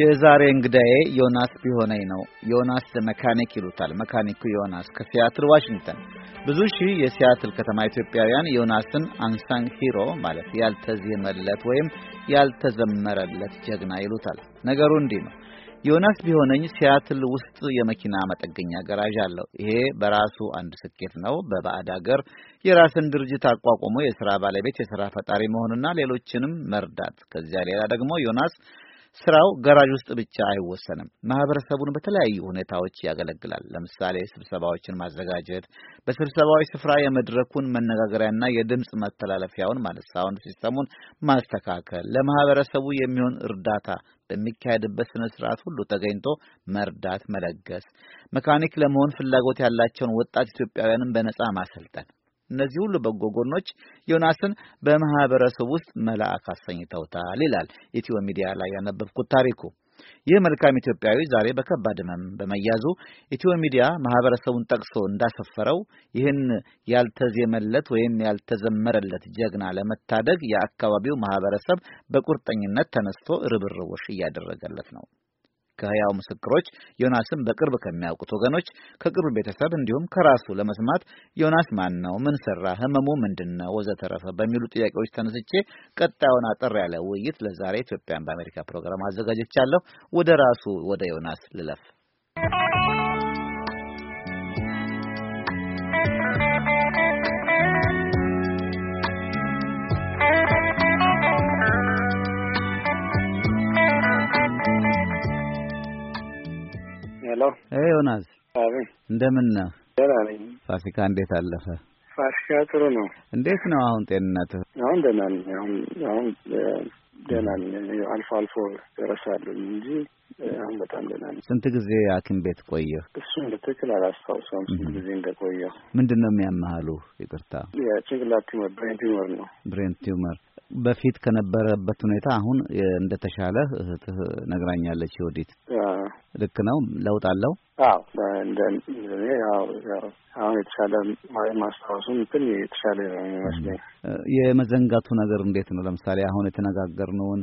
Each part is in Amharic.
የዛሬ እንግዳዬ ዮናስ ቢሆነኝ ነው። ዮናስ መካኒክ ይሉታል። መካኒኩ ዮናስ ከሲያትል ዋሽንግተን። ብዙ ሺህ የሲያትል ከተማ ኢትዮጵያውያን ዮናስን አንሳንግ ሂሮ ማለት ያልተዜመለት ወይም ያልተዘመረለት ጀግና ይሉታል። ነገሩ እንዲህ ነው። ዮናስ ቢሆነኝ ሲያትል ውስጥ የመኪና መጠገኛ ገራዥ አለው። ይሄ በራሱ አንድ ስኬት ነው። በባዕድ የራስን ድርጅት አቋቁሞ የስራ ባለቤት የስራ ፈጣሪ መሆንና ሌሎችንም መርዳት። ከዚያ ሌላ ደግሞ ዮናስ ስራው ገራዥ ውስጥ ብቻ አይወሰንም። ማህበረሰቡን በተለያዩ ሁኔታዎች ያገለግላል። ለምሳሌ ስብሰባዎችን ማዘጋጀት፣ በስብሰባዎች ስፍራ የመድረኩን መነጋገሪያና የድምፅ መተላለፊያውን ማለት ሳውንድ ሲስተሙን ማስተካከል፣ ለማህበረሰቡ የሚሆን እርዳታ በሚካሄድበት ስነ ስርዓት ሁሉ ተገኝቶ መርዳት፣ መለገስ፣ መካኒክ ለመሆን ፍላጎት ያላቸውን ወጣት ኢትዮጵያውያንን በነጻ ማሰልጠን እነዚህ ሁሉ በጎ ጎኖች ዮናስን በማህበረሰብ ውስጥ መልአክ አሰኝተውታል ይላል ኢትዮ ሚዲያ ላይ ያነበብኩት ታሪኩ። ይህ መልካም ኢትዮጵያዊ ዛሬ በከባድ ህመም በመያዙ ኢትዮ ሚዲያ ማህበረሰቡን ጠቅሶ እንዳሰፈረው ይህን ያልተዜመለት ወይም ያልተዘመረለት ጀግና ለመታደግ የአካባቢው ማህበረሰብ በቁርጠኝነት ተነስቶ ርብርቦሽ እያደረገለት ነው። ከህያው ምስክሮች ዮናስን በቅርብ ከሚያውቁት ወገኖች ከቅርብ ቤተሰብ እንዲሁም ከራሱ ለመስማት ዮናስ ማን ነው? ምን ሰራ? ህመሙ ምንድን ነው? ወዘተረፈ በሚሉ ጥያቄዎች ተነስቼ ቀጣዩን አጠር ያለ ውይይት ለዛሬ ኢትዮጵያን በአሜሪካ ፕሮግራም አዘጋጅቻለሁ። ወደ ራሱ ወደ ዮናስ ልለፍ። ዮናስ አቤት፣ እንደምን ነህ? ደህና ነኝ። ፋሲካ እንዴት አለፈ? ፋሲካ ጥሩ ነው። እንዴት ነው አሁን ጤንነትህ? አሁን ደህና ነኝ። አሁን አሁን ደህና ነኝ። አልፎ አልፎ ደረሳለሁ እንጂ አሁን በጣም ደህና ነኝ። ስንት ጊዜ ሐኪም ቤት ቆየህ? እሱን በትክክል አላስታውሰውም ስንት ጊዜ እንደቆየሁ። ምንድን ነው የሚያመሃሉ? ይቅርታ። የጭንቅላት ቲውመር ብሬን ቲውመር ነው። ብሬን ቲውመር በፊት ከነበረበት ሁኔታ አሁን እንደተሻለ እህትህ ነግራኛለች። ወዲት ልክ ነው? ለውጥ አለው? አዎ አሁን የተሻለ ማስታወሱም እንትን የተሻለ የመዘንጋቱ ነገር እንዴት ነው? ለምሳሌ አሁን የተነጋገርነውን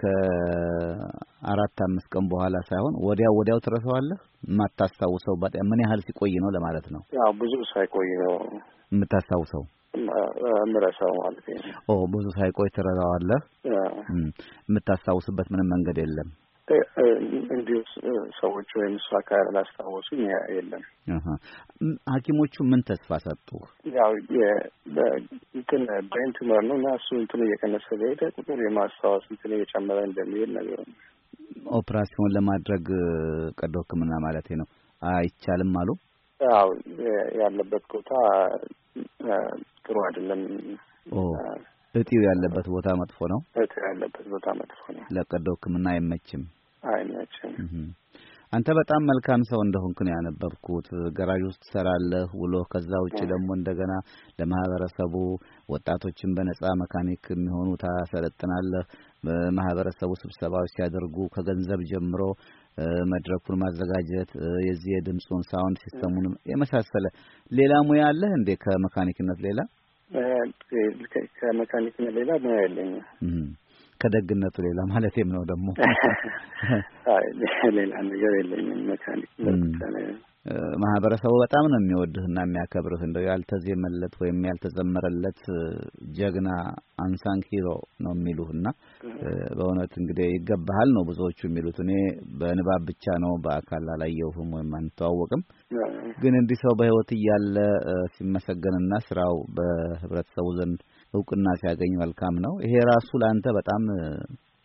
ከአራት አምስት ቀን በኋላ ሳይሆን ወዲያው ወዲያው ትረሳዋለህ። የማታስታውሰው ምን ያህል ሲቆይ ነው ለማለት ነው? ያው ብዙ ሳይቆይ ነው የምታስታውሰው ምረሳው ማለት ነው። ኦ ብዙ ሳይቆይ ትረሳዋለህ። የምታስታውስበት ምንም መንገድ የለም። እንዲሁ ሰዎች ወይም እሱ አካባቢ ካላስታወሱኝ የለም። ሐኪሞቹ ምን ተስፋ ሰጡ? ያው እንትን ብሬን ቱመር ነው እና እሱ እንትን እየቀነሰ በሄደ ቁጥር የማስታወስ እንትን እየጨመረ እንደሚሄድ ነገር ኦፕራሲዮን ለማድረግ ቀዶ ሕክምና ማለት ነው አይቻልም አሉ። ያው ያለበት ቦታ ጥሩ አይደለም። እጢው ያለበት ቦታ መጥፎ ነው። እጢው ያለበት ቦታ መጥፎ ነው። ለቀዶ ሕክምና አይመችም፣ አይመችም። አንተ በጣም መልካም ሰው እንደሆንክ ነው ያነበብኩት። ገራዥ ውስጥ ትሰራለህ ውሎ፣ ከዛ ውጭ ደግሞ እንደገና ለማህበረሰቡ ወጣቶችን በነጻ መካኒክ የሚሆኑ ታሰለጥናለህ። ማህበረሰቡ ስብሰባዎች ሲያደርጉ ከገንዘብ ጀምሮ መድረኩን ማዘጋጀት የዚህ የድምፁን ሳውንድ ሲስተሙን የመሳሰለ ሌላ ሙያ አለህ እንዴ ከመካኒክነት ሌላ? ከመካኒክነት ሌላ ነው ያለኝ ከደግነቱ ሌላ ማለቴም ነው ደግሞ ሌላ ነገር የለኝም። መካኒክ ነው ማህበረሰቡ በጣም ነው የሚወድህና የሚያከብርህ። እንደው ያልተዜመለት ወይም ያልተዘመረለት ጀግና አንሳንግ ሂሮ ነው የሚሉህና በእውነት እንግዲህ ይገባሃል ነው ብዙዎቹ የሚሉት። እኔ በንባብ ብቻ ነው በአካል አላየሁህም ወይም አንተዋወቅም። ግን እንዲህ ሰው በህይወት እያለ ሲመሰገንና ስራው በህብረተሰቡ ዘንድ እውቅና ሲያገኝ መልካም ነው። ይሄ ራሱ ለአንተ በጣም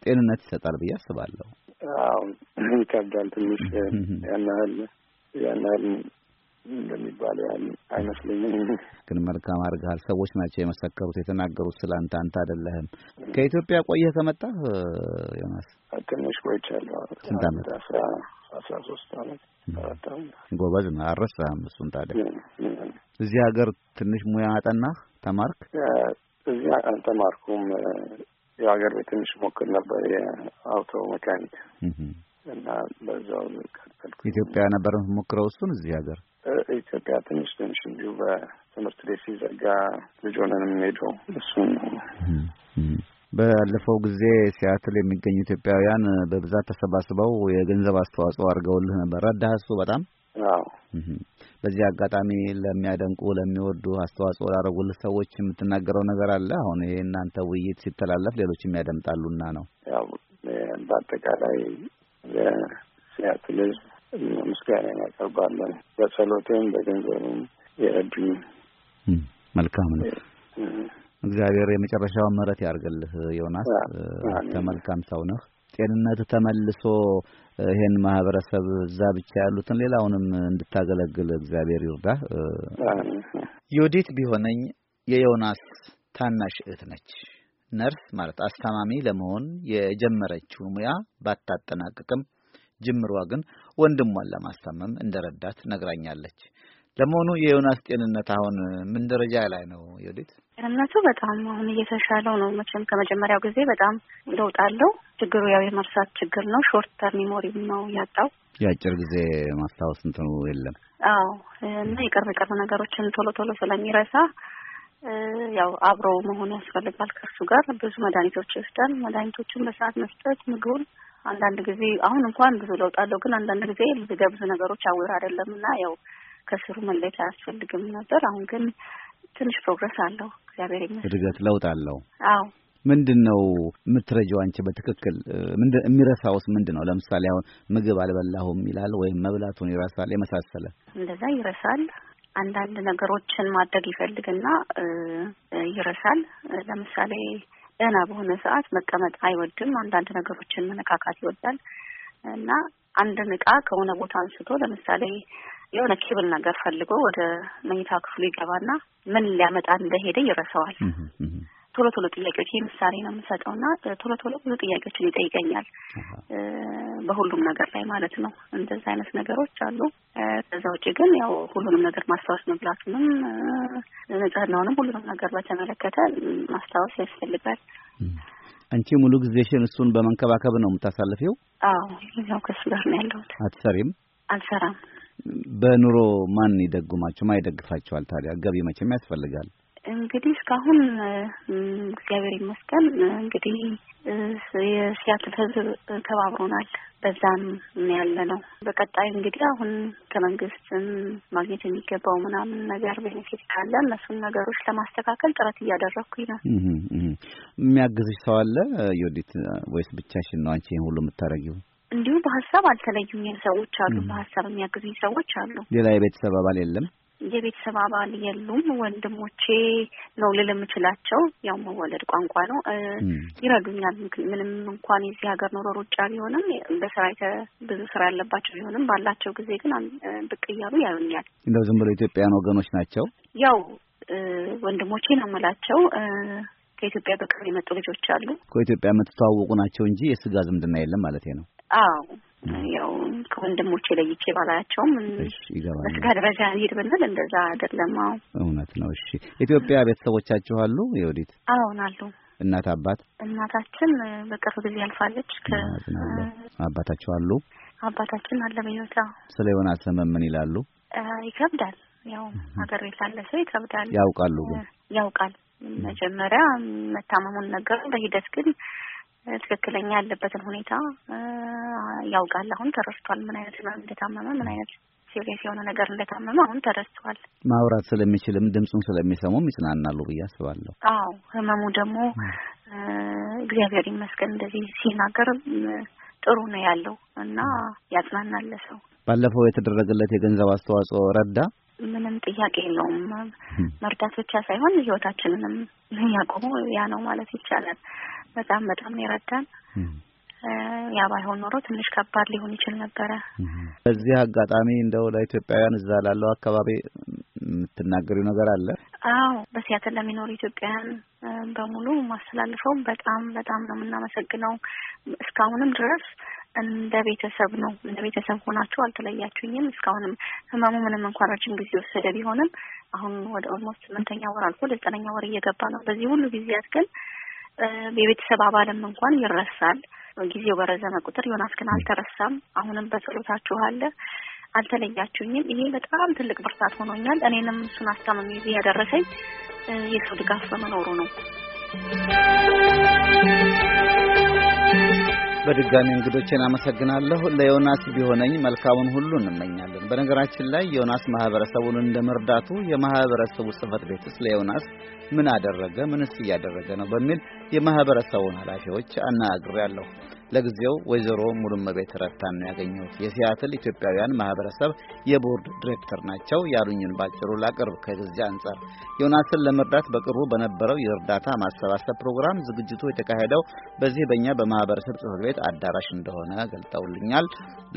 ጤንነት ይሰጣል ብዬ አስባለሁ። ይከብዳል ትንሽ ያናህል ያን ያህል እንደሚባለው ያህል አይመስለኝም። ግን መልካም አድርገሃል። ሰዎች ናቸው የመሰከሩት የተናገሩት ስለ አንተ፣ አንተ አይደለህም። ከኢትዮጵያ ቆየህ ከመጣህ ዮናስ? ትንሽ ቆይቻለሁ። ስንት ዓመት? አስራ ሶስት ዓመት ዓመት። ጎበዝ ነው አልረሳህም። እሱን ታዲያ እዚህ ሀገር ትንሽ ሙያ አጠናህ ተማርክ? እዚህ አልተማርኩም። የሀገር ቤት ትንሽ ሞክር ነበር የአውቶ መካኒክ እና በዛው ቀጠልኩ። ኢትዮጵያ ነበር ሞክረው እሱን እዚህ ሀገር ኢትዮጵያ ትንሽ ትንሽ እንዲሁ በትምህርት ቤት ሲዘጋ ልጅ ሆነን የምንሄደው እሱን ነው። ባለፈው ጊዜ ሲያትል የሚገኙ ኢትዮጵያውያን በብዛት ተሰባስበው የገንዘብ አስተዋጽኦ አድርገውልህ ነበር። ረዳህ እሱ በጣም አዎ። በዚህ አጋጣሚ ለሚያደንቁ ለሚወዱ አስተዋጽኦ ላደረጉልህ ሰዎች የምትናገረው ነገር አለ? አሁን ይሄ እናንተ ውይይት ሲተላለፍ ሌሎችም ያደምጣሉና ነው። ያው በአጠቃላይ ለሲያትል ሕዝብ ምስጋና ያቀርባለን። በጸሎትም በገንዘብም የረዱኝ። መልካም ነው። እግዚአብሔር የመጨረሻውን ምሕረት ያርግልህ ዮናስ። ተመልካም ሰው ነህ። ጤንነት ተመልሶ ይሄን ማህበረሰብ እዛ ብቻ ያሉትን ሌላውንም እንድታገለግል እግዚአብሔር ይርዳህ። ዮዲት ቢሆነኝ የዮናስ ታናሽ እህት ነች። ነርስ ማለት አስታማሚ ለመሆን የጀመረችው ሙያ ባታጠናቅቅም ጅምሯ ግን ወንድሟን ለማስታመም እንደረዳት ነግራኛለች። ለመሆኑ የዮናስ ጤንነት አሁን ምን ደረጃ ላይ ነው ዮዲት? ጤንነቱ በጣም አሁን እየተሻለው ነው። መቼም ከመጀመሪያው ጊዜ በጣም ለውጥ አለው። ችግሩ ያው የመርሳት ችግር ነው። ሾርት ተርም ሜሞሪ ነው ያጣው። የአጭር ጊዜ ማስታወስ እንትኑ የለም። አዎ እና የቅርብ የቅርብ ነገሮችን ቶሎ ቶሎ ስለሚረሳ ያው አብሮ መሆን ያስፈልጋል ከእሱ ጋር ብዙ መድኃኒቶች ይወስዳል። መድኃኒቶቹን በሰዓት መስጠት፣ ምግቡን አንዳንድ ጊዜ አሁን እንኳን ብዙ ለውጥ አለው፣ ግን አንዳንድ ጊዜ ልጅ ብዙ ነገሮች አውር አይደለም እና ያው ከስሩ መለየት አያስፈልግም ነበር። አሁን ግን ትንሽ ፕሮግረስ አለው። እግዚአብሔር ይመስገን እድገት ለውጥ አለው። አዎ ምንድን ነው የምትረጂው አንቺ በትክክል የሚረሳውስ ምንድን ነው? ለምሳሌ አሁን ምግብ አልበላሁም ይላል ወይም መብላቱን ይረሳል የመሳሰለ እንደዛ ይረሳል። አንዳንድ ነገሮችን ማድረግ ይፈልግና ይረሳል። ለምሳሌ ደህና በሆነ ሰዓት መቀመጥ አይወድም። አንዳንድ ነገሮችን መነካካት ይወዳል እና አንድን እቃ ከሆነ ቦታ አንስቶ ለምሳሌ የሆነ ኬብል ነገር ፈልጎ ወደ መኝታ ክፍሉ ይገባና ምን ሊያመጣ እንደሄደ ይረሳዋል። ቶሎ ቶሎ ጥያቄዎች ይህ ምሳሌ ነው የምሰጠውና ቶሎ ቶሎ ብዙ ጥያቄዎችን ይጠይቀኛል። በሁሉም ነገር ላይ ማለት ነው። እንደዚህ አይነት ነገሮች አሉ። ከዛ ውጭ ግን ያው ሁሉንም ነገር ማስታወስ መብላቱንም፣ ንጽህናውንም ሁሉንም ነገር በተመለከተ ማስታወስ ያስፈልጋል። አንቺ ሙሉ ጊዜሽን እሱን በመንከባከብ ነው የምታሳልፊው? አዎ፣ ያው ከሱ ጋር ነው ያለሁት። አትሰሪም? አልሰራም። በኑሮ ማን ይደጉማችሁ? ማን ይደግፋችኋል? ታዲያ ገቢ መቼም ያስፈልጋል። እንግዲህ እስካሁን እግዚአብሔር ይመስገን እንግዲህ የሲያትል ህዝብ ተባብሮናል። በዛም ያለ ነው። በቀጣይ እንግዲህ አሁን ከመንግስትም ማግኘት የሚገባው ምናምን ነገር ቤኔፊት ካለ እነሱን ነገሮች ለማስተካከል ጥረት እያደረግኩኝ ነው። የሚያግዝሽ ሰው አለ ዮዲት ወይስ ብቻሽን ነው አንቺ ይህን ሁሉ የምታደርጊው? እንዲሁም በሀሳብ አልተለዩኝ ሰዎች አሉ፣ በሀሳብ የሚያግዙኝ ሰዎች አሉ። ሌላ የቤተሰብ አባል የለም? የቤተሰብ አባል የሉም። ወንድሞቼ ነው ልል የምችላቸው ያው መወለድ ቋንቋ ነው። ይረዱኛል። ምንም እንኳን የዚህ ሀገር ኑሮ ሩጫ ቢሆንም በስራ ብዙ ስራ ያለባቸው ቢሆንም ባላቸው ጊዜ ግን ብቅ እያሉ ያዩኛል። እንደው ዝም ብሎ ኢትዮጵያውያን ወገኖች ናቸው። ያው ወንድሞቼ ነው የምላቸው። ከኢትዮጵያ በቅርብ የመጡ ልጆች አሉ። ከኢትዮጵያ የምትተዋወቁ ናቸው እንጂ የስጋ ዝምድና የለም ማለት ነው? አዎ ያው ከወንድሞቼ ለይቼ ባላያቸውም በስጋ ደረጃ ሄድ ብንል እንደዛ አይደለም። አዎ እውነት ነው። እሺ ኢትዮጵያ ቤተሰቦቻችሁ አሉ? የወዲት አሁን አሉ። እናት አባት? እናታችን በቅርብ ጊዜ ያልፋለች። አባታችሁ አሉ? አባታችን አለ በሕይወት። ስለ ዮናስ ህመም ምን ይላሉ? ይከብዳል። ያው ሀገር ቤት ላለ ሰው ይከብዳል። ያውቃሉ ግን ያውቃል መጀመሪያ መታመሙን ነገሩ በሂደት ግን ትክክለኛ ያለበትን ሁኔታ ያውቃል። አሁን ተረስቷል። ምን አይነት ህመም እንደታመመ ምን አይነት ሲሪየስ የሆነ ነገር እንደታመመ አሁን ተረስቷል። ማውራት ስለሚችልም ድምፁን ስለሚሰሙም ይጽናናሉ ብዬ አስባለሁ። አዎ ህመሙ ደግሞ እግዚአብሔር ይመስገን እንደዚህ ሲናገር ጥሩ ነው ያለው እና ያጽናናል ሰው። ባለፈው የተደረገለት የገንዘብ አስተዋጽኦ ረዳ። ምንም ጥያቄ የለውም። መርዳት ብቻ ሳይሆን ህይወታችንንም ያቆመው ያ ነው ማለት ይቻላል። በጣም በጣም ነው የረዳን። ያ ባይሆን ኖሮ ትንሽ ከባድ ሊሆን ይችል ነበረ። በዚህ አጋጣሚ እንደው ለኢትዮጵያውያን እዛ ላለው አካባቢ የምትናገሪው ነገር አለ? አዎ በሲያትል ለሚኖሩ ኢትዮጵያውያን በሙሉ ማስተላልፈው በጣም በጣም ነው የምናመሰግነው። እስካሁንም ድረስ እንደ ቤተሰብ ነው እንደ ቤተሰብ ሆናችሁ አልተለያችሁኝም። እስካሁንም ህመሙ ምንም እንኳን ረጅም ጊዜ ወሰደ ቢሆንም አሁን ወደ ኦልሞስት ስምንተኛ ወር አልፎ ዘጠነኛ ወር እየገባ ነው። በዚህ ሁሉ ጊዜያት ግን የቤተሰብ አባልም እንኳን ይረሳል። ጊዜው በረዘመ ቁጥር ዮናስ ግን አልተረሳም። አሁንም በጸሎታችሁ አለ አልተለያችሁኝም። ይሄ በጣም ትልቅ ብርታት ሆኖኛል። እኔንም እሱን አስታምሜ ያደረሰኝ የሰው ድጋፍ በመኖሩ ነው። በድጋሚ እንግዶችን አመሰግናለሁ። ለዮናስ ቢሆነኝ መልካሙን ሁሉ እንመኛለን። በነገራችን ላይ ዮናስ ማህበረሰቡን እንደመርዳቱ የማህበረሰቡ ጽህፈት ቤትስ ለዮናስ ምን አደረገ፣ ምንስ እያደረገ ነው በሚል የማህበረሰቡን ኃላፊዎች አነጋግሬያለሁ። ለጊዜው ወይዘሮ ቤት ረታን ነው ያገኘሁት። የሲያትል ኢትዮጵያውያን ማህበረሰብ የቦርድ ዲሬክተር ናቸው። ያሉኝን ባጭሩ ላቅርብ። ከጊዜ አንጻር ዮናስን ለመርዳት በቅርቡ በነበረው የእርዳታ ማሰባሰብ ፕሮግራም ዝግጅቱ የተካሄደው በዚህ በእኛ በማህበረሰብ ጽሕፈት ቤት አዳራሽ እንደሆነ ገልጠውልኛል።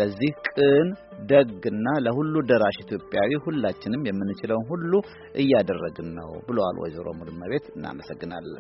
ለዚህ ቅን ደግና ለሁሉ ደራሽ ኢትዮጵያዊ ሁላችንም የምንችለውን ሁሉ እያደረግን ነው ብለዋል ወይዘሮ ሙሉመቤት። እናመሰግናለን።